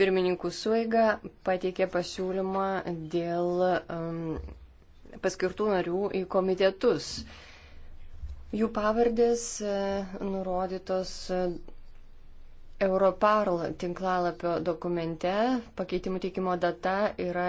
Pirmininkų suiga pateikė pasiūlymą dėl um, paskirtų narių į komitetus. Jų pavardės uh, nurodytos uh, Europarl tinklalapio dokumente, pakeitimų teikimo data yra